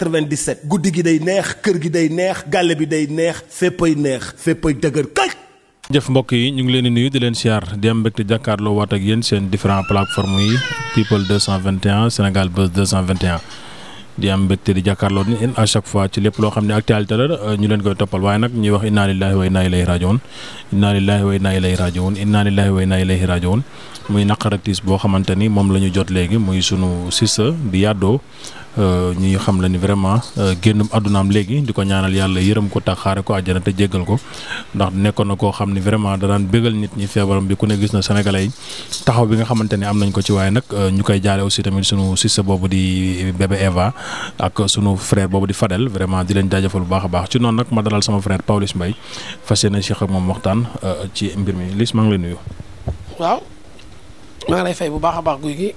97 guddi gi day neex kër gi day neex gàlle bi day neex féppay neex féppay dëgër kay jëf mbokk yi ñu ngi leen di nuyu di leen siyaar di am mbégte jàkkaarloo waat ak yéen seen différents plateformes yi people 221 Sénégal Buzz 221 di am mbégte di jàkkaarloo ni à chaque fois ci lépp loo xam ne actualité la ñu leen koy toppal waaye nag ñuy wax inna lillahi wa inna ilayhi rajiun inna lillahi wa inna ilayhi rajiun inna lillahi wa inna ilayhi rajiun muy naqaratis boo xamante ni moom la ñu jot léegi muy sunu sista di yàddoo Euh, ñi xam la ni vraiment euh, génn àddunaam léegi di ko ñaanal yàlla yërëm ko tax xaare ko àjjana te jéggal ko ndax nekkoon na koo xam ni vraiment da daan bégal nit ñi feebaram bi ku ne gis na sénégalais yi taxaw bi nga xamante ne am nañ ko ci waaye nag euh, ñu koy jaale aussi tamit sunu sister boobu di bébé Eva ak sunu frère boobu di Fadel vraiment di leen jaajëfal bu baax a baax ci noonu nag ma dalal sama frère Pawlish Mbaye fas yéene Cheikh ak moom waxtaan ci mbir mi Liss maa ngi lay nuyu.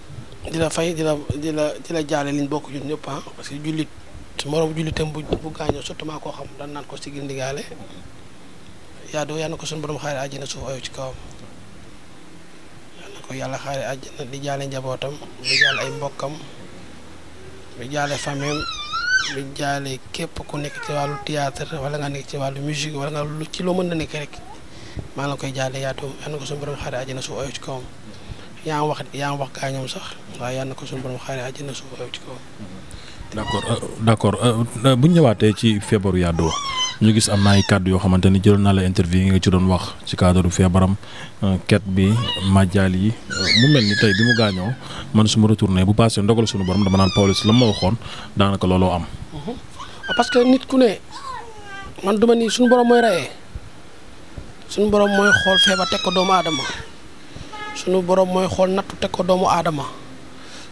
dina fay dina la di la di la jaale liñ bokk ñun ñëpp ah parce que jullit morom jullitam bu bu gaañoo surtout maa koo xam daan naan ko si gil ndigaale yaa doo na ko suñu borom xaare àjjana suuf ci kawam yàlla na ko yàlla di jaale njabootam di ay mbokkam di jaale famem di jaale képp ku nekk ci wàllu théâtre wala nga nekk ci wàllu musique wala ci loo mën na nekk rek maa ngi koy jaale yaa doo na ko suñu xaare àjjana suuf ayo ci kawam yaa ngi wax yaa ngi sax waaye yal ko suñu borom xaaree àjjana suuf ci kaw. d' euh, euh, euh, bu ñu ñëwaatee ci feebaru wa ñu gis am na ay yoo xamante ni jëloon naa la interview yi nga ci doon wax ci cadre feebaram ket bi majal yi mu mel ni tey bi mu gaañoo man su ma retourné bu paasee ndogal suñu borom dama naan Pawlish la ma waxoon daanaka looloo am. Mhm. Ah, parce que nit ku ne man duma ni suñu borom mooy reyee suñu borom mooy xool feebar teg ko doomu sunu borom mooy xool nattu teg ko doomu aadama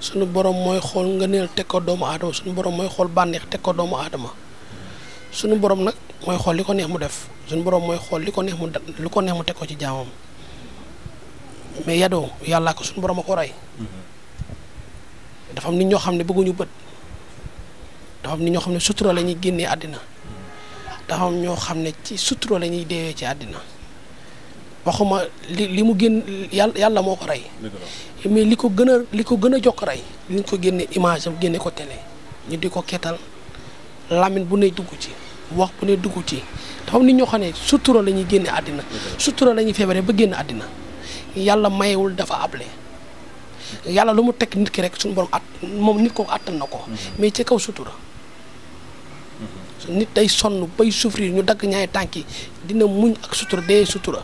sunu borom mooy xool nga ngëneel teg ko doomu aadama sunu borom mooy xool bànneex teg ko doomu aadama sunu borom nag mooy xool li ko neex mu def sunu borom mooy xool li ko neex mu lu ko neex mu teg ko ci jaamam mais yadoo yàllaa ko sunu borom a ko rey dafa nit ñoo xam ne bëgguñu bët dafa am nit ñoo xam ne sutura la ñuy génnee àddina dafa am ñoo xam ne ci sutura la ñuy deewee ci àddina. waxuma li li mu génn yàlla yàlla moo ko rey. mais li ko gën a li ko gën a jokk rey. li ñu ko génne image am génne ko télé ñu di ko ketal lamine bu ne dugg ci wax bu ne dugg ci dafa am nit ñoo xam ne sutura la ñuy génne àddina. sutura la ñuy feebaree ba génn àddina yàlla mayewul dafa able yàlla lu mu teg nit ki rek suñu borom at moom nit ko attan na ko. mais ci kaw sutura. Mhm. nit day sonn bay souffrir ñu dagg ñaay tànk yi dina muñ ak sutura dee sutura.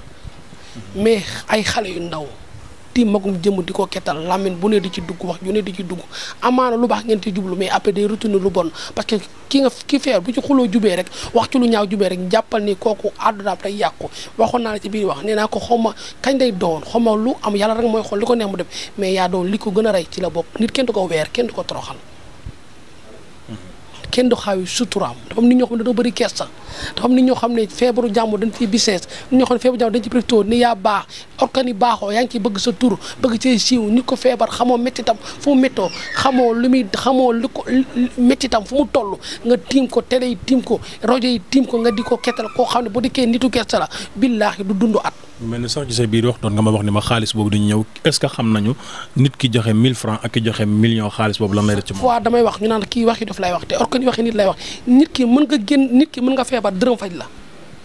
mais ay xale yu ndaw ti magum jëm di ko kettal làmmiñ bu ne di ci dugg wax ju ne di ci dugg amaana lu baax ngeen ci jublu mais après day retenir lu bon parce que ki nga ki feer bu ci xuloo jubee rek wax ci lu ñaaw jubee rek jàppal ni kooku àddunaam day yàqu waxoon naa la ci biir wax nee naa ko xaw ma kañ day doon xaw ma lu am yàlla rek mooy xool li ko neex mu def mais yaa doon li ko gën a rey ci la bopp nit kenn du ko weer kenn du ko toroxal kenn du xaawi suturaam dafa am nit ñoo xam ne dañoo bëri kersa dafa am nit ñoo xam ne feebaru jàmm dañ ciy business nit ñoo xam ne feebaru jàmm dañ ci profité ni yaa baax orkani baaxoo yaa ngi ciy bëgg sa tur bëgg cee siiw nit ko feebar xamoo méttitam fu mu méttoo xamoo lu muy xamoo lu ko méttitam fu mu toll nga tiim ko télé yi tiim ko rajo yi tiim ko nga di ko kettal koo xam ne boo di kee nitu kersa la billaahi du dund at mel ni sax ci sa biir wax doon nga ma wax ni ma xaalis boobu dañu ñëw est-ce que xam nañu nit ki joxe 1000 francs ak ki joxe million xaalis boobu lan lay def ci moom. fois damay wax ñu naan kii wax yi daf lay ki mën nga génn nit ki mën nga feebar dërëm faj la.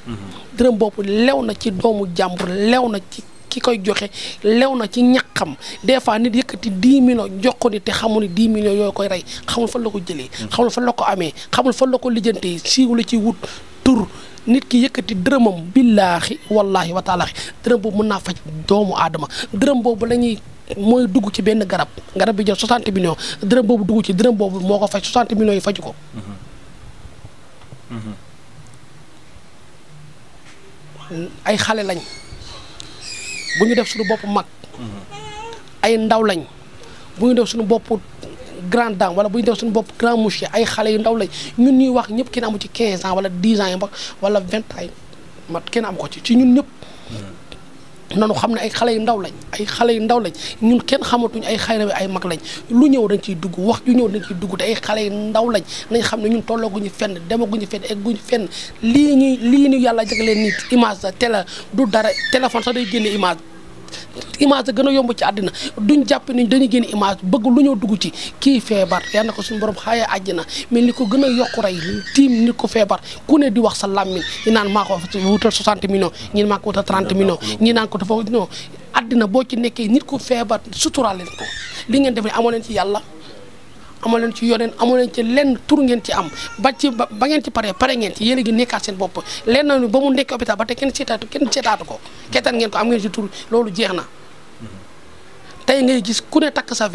Mm-hmm. dërëm boobu lew na ci doomu jàmbur lew na ci ki koy joxe lew na ci ñaqam des fois nit yëkkati 10 millions jox ko ni te xamul ni 10 millions yooyu koy rey xamul fan la ko jëlee. Mm-hmm. xamul fan la ko amee xamul fan la ko lijjantee siiw la ci wut tur. nit ki yëkkati dërëmam billaahi wallaahi wa taalaahi dërëm boobu mën naa faj doomu aadama dërëm boobu la mooy dugg ci benn garab garab bi jël 60 millions dërëm boobu dugg ci dërëm boobu moo ko faj 60 millions yi faj ko. ay xale lañ bu ñu def suñu bopp mag. ay ndaw lañ bu ñu def suñu bopp. grande dame wala bu ñu def suñu bopp grand monsieur ay xale yu ndaw lañ ñun ñuy wax ñëpp kenn amu ci 15 ans wala 10 ans yi mag wala 20 ans yi mat kenn amu ko ci ci ñun ñëpp. Hmm. nanu xam ne ay xale yu ndaw lañ ay xale yu ndaw lañ ñun kenn xamatuñ ay xayra ay mag lañ lu ñëw dañ ciy dugg wax ju ñëw dañ ciy dugg ay xale yu ndaw lañ nañ xam ne ñun tollooguñu fenn demaguñu fenn egguñu fenn lii ñuy lii ñu yàlla jagaleen nit image la télé du dara téléphone sax day génne image image gën a yomb ci àddina duñ jàpp ni dañu génn image bëgg lu ñoo dugg ci kii feebar yal na ko suñu borom xaayee àjjana mais li ko gën a yokku rey tiim nit ko feebar ku ne di wax sa làmmiñ ñi naan maa ko wutal 60 millions ñi maa ko wutal 30 millions ñi naan ko dafa non àddina boo ci nekkee nit ko feebar suturaal li ngeen def ne amoo leen ci yàlla amu leen ci yoneen amu leen ci lenn tur ngeen ci am ba ci ba ngeen ci pare pare ngeen ci yéen a ngi nekkaat seen bopp lenn na ba mu nekk hôpital ba te kenn seetaatu kenn seetaatu ko kettan ngeen ko am ngeen ci tur loolu jeex na tey ngay gis ku ne takk sa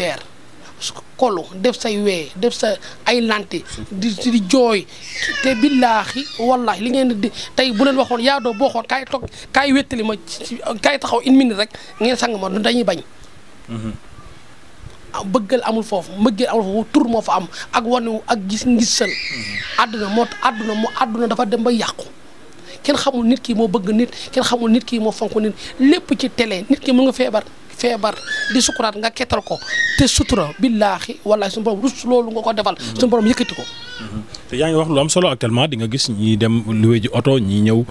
su kolu def say wee def sa ay lanti di di jooy te billaahi wallaahi li ngeen di tey bu leen waxoon yaadoo doo boo xoon kaay toog wettali ma kaay taxaw une minute rek ngeen sang ma dañuy bañ mm-hmm. bëggal amul foofu mbëggeel amul foofu tur moo fa am ak wanewu ak gis ngisal mm-hmm. àdduna moo àdduna moo àdduna dafa dem ba yàqu kenn xamul nit ki moo bëgg nit kenn xamul nit ki moo fonk nit lépp ci télé nit ki mu nga feebar feebar di sukkuraat nga kettal ko te sutura billaahi wallaahi suñu borom rus loolu nga ko defal mm-hmm. suñu borom yëkkati ko mm-hmm. te yaa ngi wax lu am solo actuellement di gis ñi dem loué ji oto ñi ñëw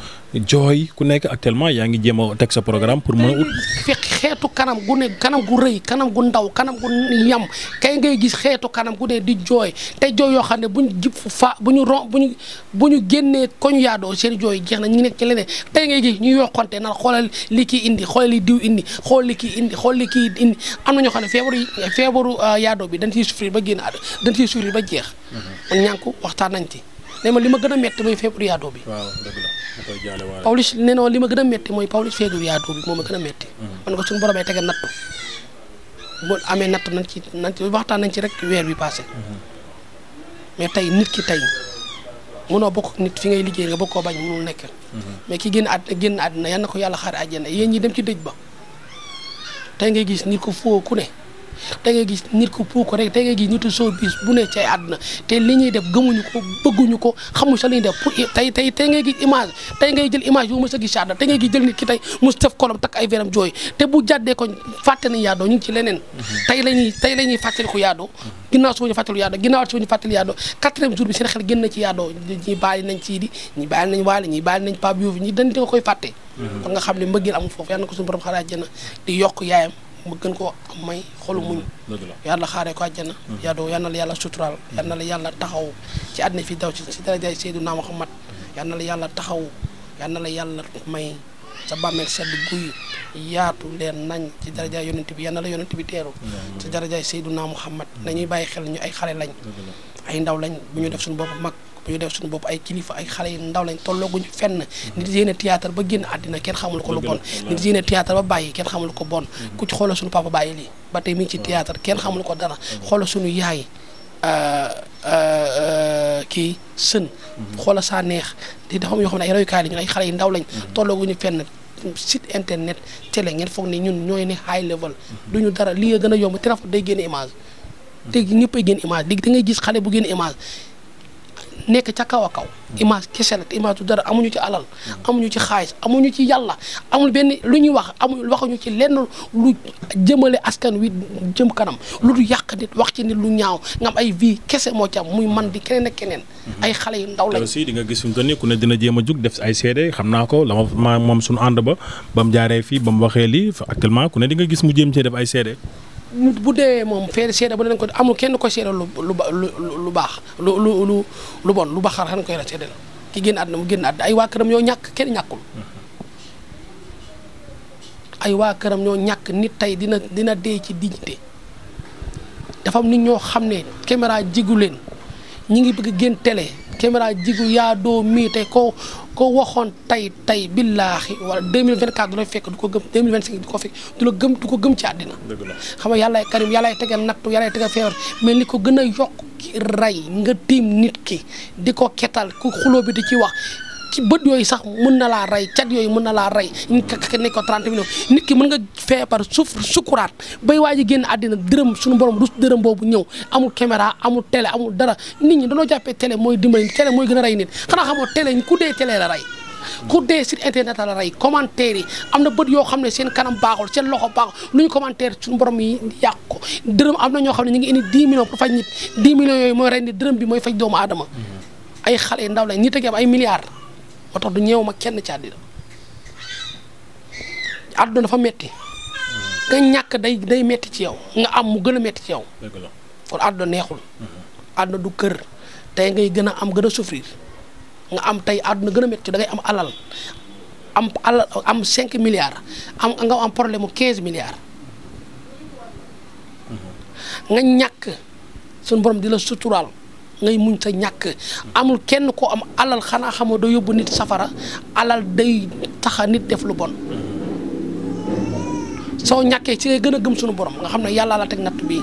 jooy ku nekk actellement yaa ngi jéem a teg sa programme pour mën a ut fekk xeetu kanam gu ne kanam gu rëy kanam gu ndaw kanam gu yam kay ngay gis xeetu kanam gu ne di jooy te jooy yoo xam ne buñ jib fa bu ñu rom bu ñu bu ñu génnee koñ yaadoo seen jooy jeex na ñu nekk ci leneen tey ngay gis ñu yokkante na xoolal li kii indi xoolal li diw indi xool li kii indi xool kii indi am na ñoo xam ne feebaru feebaru ah, yaadoo bi dañ ciy souffrir ba génn dañ ciy souffrir ba jeex mm-hmm. waxtaan nañ ci nee ma li ma gën a métti mooy feebaru yaadoo bi. waaw dëgg la li ma gën a métti mooy Pawlish feebaru yaadoo bi moo ma gën a métti. Mm-hmm. man ko suñu borom tege nattu bu amee natt nañ ci nañ ci waxtaan nañ ci rek weer bi passé. Mm-hmm. mais tey nit ki tey mënoo bokk nit fi ngay liggéey nga bokkoo bañ mënul nekk. Mm-hmm. mais ki génn àdd génn àddina yal na ko yàlla xaar àjjana yéen ñi dem ci dëj ba tey ngay gis nit ko foo ku ne. da ngay gis nit ku puu ko rek da ngay gis nitu showbiz bu ne ci àdduna te li ñuy def gëmuñu ko bëgguñu ko xamuñ sa li ñuy def tey tey tey ngay gis image tey ngay jël image yu a gis ci àdduna tey ngay nit ki tey mu def kolam takk ay veram jooy te bu jàddee ko fàtte nañ yaadoo ñu ngi ci leneen tey lañuy tey la ñuy fàttaliku yaadoo ginnaaw suba ñu fàttaliku yaadoo ginnaaw suba ñu fàttali yaadoo quatrième jour bi seen xel génn na ci yaadoo ñi bàyyi nañ Sidy ñi bàyyi nañ Wally ñi bàyyi nañ Pape Diouf ñi dañ di nga koy fàtte mhm. kon nga xam ne mbëggeel amul foofu yàlla na ko suñu borom xalaat jëna di yokk yaayam mu gën koo may xolu muñ yàlla xaaree ko àjjana yadoo mm-hmm. yal na la yàlla suturaal mm-hmm. na la yàlla taxaw ci àddina fi daw ci ci darajaay Seydina Muhammad mm-hmm. yal la yàlla taxaw yal na la yàlla may sa bàmmeel sedd guy yaatu leen nañ ci darajaay yonent bi yal na la yonent bi teeru ci darajaay Seydina Muhammad nañuy bàyyi xel ñu ay xale lañ ay ndaw lañ bu ñu def suñu bopp mag ñu def suñu bopp ay kilifa ay xale yu ndaw lañ tollooguñu fenn nit yéene théâtre ba génn àddina kenn xamul ko lu bon nit yéene ba bàyyi kenn xamul ko bon ku ci xoolal suñu papa bàyyi lii ba tey mi ngi ci théâtre kenn xamul ko dara xoolal suñu yaay euh, euh, kii sën xoola saa di dafa am yoo xam ne ay ay xale yu ndaw lañ tollooguñu fenn site internet télé ngeen foog ni ñun ñooy ne high level duñu dara lii gën a yomb téléphone day génn image léegi ñëppay génn image léegi da ngay gis xale bu génn image nekk ca kaw kaw image kese la te image du dara amuñu ci alal amuñu ci xaalis amuñu ci yàlla amul benn lu ñuy wax amul waxuñu ci lenn lu jëmale askan wi jëm kanam lu du yàq nit wax ci nit lu ñaaw nga am ay vie kese moo ci muy man di keneen ak keneen mhm. ay xale yu ndaw lañ aussi di nga gis suñ ko ni ku ne dina jéem a jug def ay seede xam naa ko la ma moom suñu ànd ba ba mu jaaree fii ba mu waxee lii actuellement ku ne di nga gis mu jéem cee def ay seede nit bu deewee moom feere seede ba danañ ko amul kenn ko seede lu lu lu baax lu lu lu lu bon lu baax xan koy la seede la ki génn àdduna mu génn àdduna ay waa këram ñoo ñàkk kenn ñàkkul ay ñoo ñàkk nit tey dina dina dee ci dignité dafa am nit ñoo xam ne caméra jigu leen ñu ngi bëgg génn tele Camara Jigu yaadoo mii te ko ko waxoon tey tey billaahi wala 2024 du la fekk du ko gëm 2025 du ko fekk du gëm du ko gëm ci àddina xam nga yàllaay karim yàllaay tegal nattu yàllaay tegal feebar mel ni ko gën a yokk rey nga tiim nit ki di ko ketal ku xuloo bi di ci wax ci bët yooyu sax mën na laa rey cat yooyu mën na laa rey nekk ko 30 millions nit ki mën nga feebar suuf sukuraat bay waa ji génn àddina dërëm suñu borom rus dërëm boobu ñëw amul caméra amul télé amul dara nit ñi dañoo jàppee télé mooy dimbali télé mooy gën a rey nit xanaa xamoo télé ku dee télé la rey ku dee site internet la rey commentaire yi am na bët yoo xam ne seen kanam baaxul seen loxo baaxul lu ñu commentaire suñu borom yi yàq ko dërëm am na ñoo xam ne ñu ngi indi 10 millions pour faj nit 10 millions yooyu mooy bi mooy faj doomu aadama ay xale ndaw lañ nit ak am ay milliards ba tax du ñeew ma kenn ci àddina àdduna dafa metti nga ñàkk day day metti ci yow nga am mu gën a metti ci yow kon àdduna neexul mm-hmm. àdduna du kër tey ngay gën a am gën a souffrir nga am tey àdduna gën a metti da ngay am alal am alal am cinq milliards am nga am problème mu quinze milliards mm-hmm. nga ñàkk suñu borom di la suturaal ngay muñ sa ñàkk amul kenn ko am alal xanaa xamoo doo yóbbu nit safara alal day taxa nit def lu bon soo ñàkkee ci ngay gën a gëm sunu borom nga xam ne yàlla la teg natt bi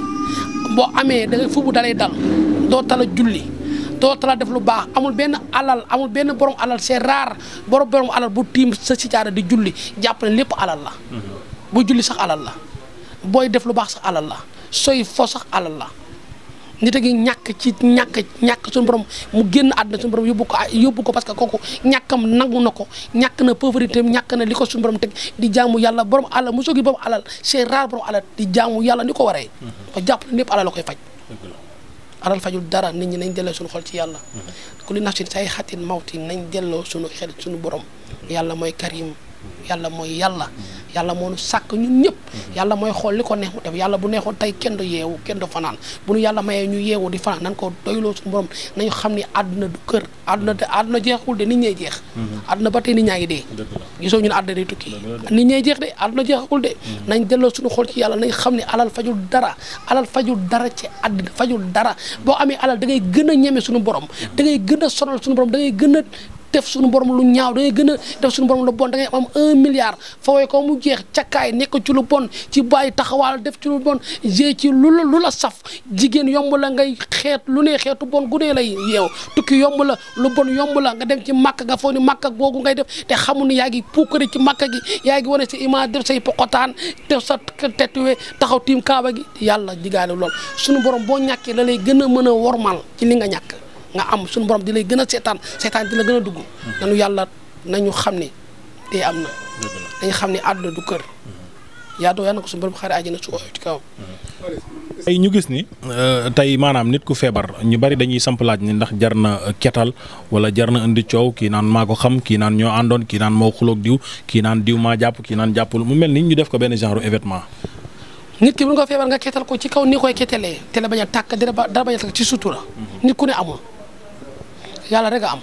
boo amee da fu bu dalay dal doo tala julli doo tala def lu baax amul benn alal amul benn borom alal c'est rare borom borom alal bu tiim sa sijaada di julli jàpp ne lépp alal la mm-hmm. bu julli sax alal la booy def lu baax sax alal la sooy fo sax alal la nit a ngi ñàkk ci ñàkk ñàkk suñu borom mu génn àdduna suñu borom yóbbu ko yóbbu kooku ñàkkam nangu na ko ñàkk na pauvreté ñàkk na li ko borom teg di jaamu yàlla borom alal mu soogi borom alal c'est rare borom alal di jaamu yàlla ni ko waree ko mm-hmm. jàpp ne lépp alal la koy faj alal fajul dara nit ñi nañ delloo suñu ci yàlla mm-hmm. ku li nafsin say xatin mawti nañ delloo suñu xel suñu borom mm-hmm. yàlla mooy karim yàlla mooy yàlla yàlla moo nu sàkk ñun ñëpp yàlla mooy xool li ko neex mu def yàlla bu neexoon tey kenn du yeewu kenn du fanaan bu nu yàlla mayee ñu yeewu di fanaan nan ko doyloo suñu borom nañu xam ni àdduna du kër àdduna de àdduna jeexul de nit ñee jeex mm-hmm. àdduna ba tey nit ñaa ngi dee gisoo ñun àdduna di tukki nit ñee jeex de àdduna jeexul de mm-hmm. nañ delloo suñu xool ci yàlla nañ xam ni alal fajul dara alal fajul dara ci àdduna fajul dara boo amee alal da ngay gën a ñeme suñu borom mm-hmm. da ngay gën a sonal suñu borom da ngay a def suñu borom lu ñaaw da ngay gën a def suñu borom lu bon dangay ngay am un milliard fawee ko mu jeex cakkaay nekk ci lu bon ci bàyyi taxawaal def ci lu bon jée ci lu la lu la saf jigéen yomb la ngay xeet lu ne xeetu bon gu ne lay yeew tukki yomb la lu bon yomb la nga dem ci màkk nga foog ni màkk googu ngay def te xamul ne yaa ngi puukari ci màkk gi yaa ngi wane sa image def say poqotaan def sa tetuwe taxaw tiim kaaba gi yàlla digaale lool sunu borom boo ñàkkee la lay gën a mën a wormal ci li nga ñàkk nga am suñu borom di lay gën a seetaan seetaan di la gën a dugg nañu na nañu xam ne dee am na dañu xam ne àdduna du kër yaadoo yàlla na ko suñu borom xaare àjjana su ooy ci kawam tey ñu gis ni euh, tey maanaam nit ku feebar ñu bari dañuy samp laaj ndax jar na ketal wala jar na indi coow kii naan maa ko xam kii naan ñoo àndoon kii naan moo xuloog diw kii naan diw maa jàpp kii naan jàppul mu mel ni ñu def ko benn genre événement nit ki bu nga feebar nga ketal ko ci kaw ni koy ketalee te la bañ a tàkk dara bañ a tàkk ci sutura mm-hmm. nit yàlla rek a am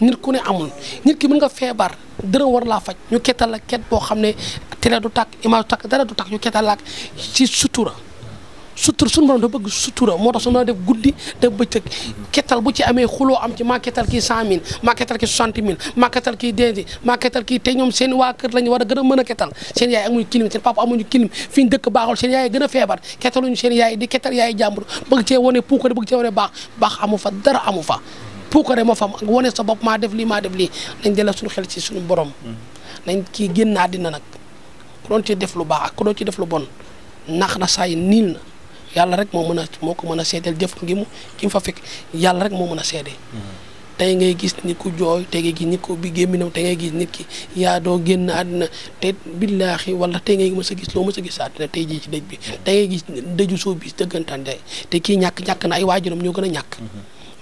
nit ku ne amul nit ki mën nga feebar dërëm war laa faj ñu kettal la ket boo xam ne télé du tàkk image du tàkk dara du tàkk ñu kettal la ak ci sutura sutura suñu borom da bëgg sutura moo tax suñu la def guddi def bëccëg kettal bu ci amee xuloo am ci maa kettal kii cent mille maa kettal kii soixante mille maa kettal kii denc maa kettal kii te ñoom seen waa kër lañu war a gën a mën a kettal seen yaay amuñu kilim seen papa amuñu kilim fi ñu dëkk baaxul seen yaay gën a feebar kettaluñu seen yaay di kettal yaay jàmbur bëgg cee wane puukare bëgg cee wane baax baax amu fa dara amu fa puukare moo fa am ak sa bopp maa def lii maa def lii nañ delloo suñu xel ci suñu borom. nañ kii génn àddina nag ku doon ci def lu baax ak ku doon ci def lu bon nax na saa yi niil na yàlla rek moo mën a moo ko mën a seedeel jëf ngi mu ki fa fekk yàlla rek moo mën a seedee. tey ngay gis nit ku jooy tey ngay gis nit ku bi gémminam tey ngay gis nit ki yaa doo génn àddina te billaahi wala tey ngay mës a gis loo mës a gis àddina tey jii ci dëj bi tey ngay gis dëju soo bi dëggantaan day te kii ñàkk ñàkk na ay waajuram ñoo gën a ñàkk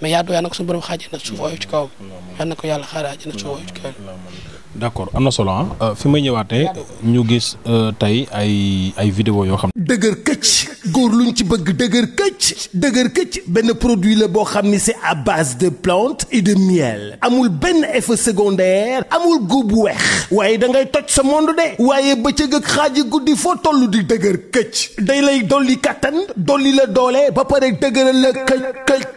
mais yaatu yàlla na ko suñu borom xaajee na suuf oyof ci kawam yàlla na ko yàlla xaaree àjjana suuf oyof ci kawam. accord am na solon ah euh, fi may ñëwaatee ñu gis euh, tey ay ay vidéo yoo xam. ne dëgër këcc góor lu luñ ci bëgg dëgër këcc dëgër këcc benn produit la boo xam ni c'est à base de plantes et de miel amul benn effet secondaire amul góob bu weex waaye da ngay toj sa monde de waaye bëccëg ak xaaj guddi foo toll di dëgër këcc day lay dolli kattan dolli la doole ba pare dëgëral la këcc këcc.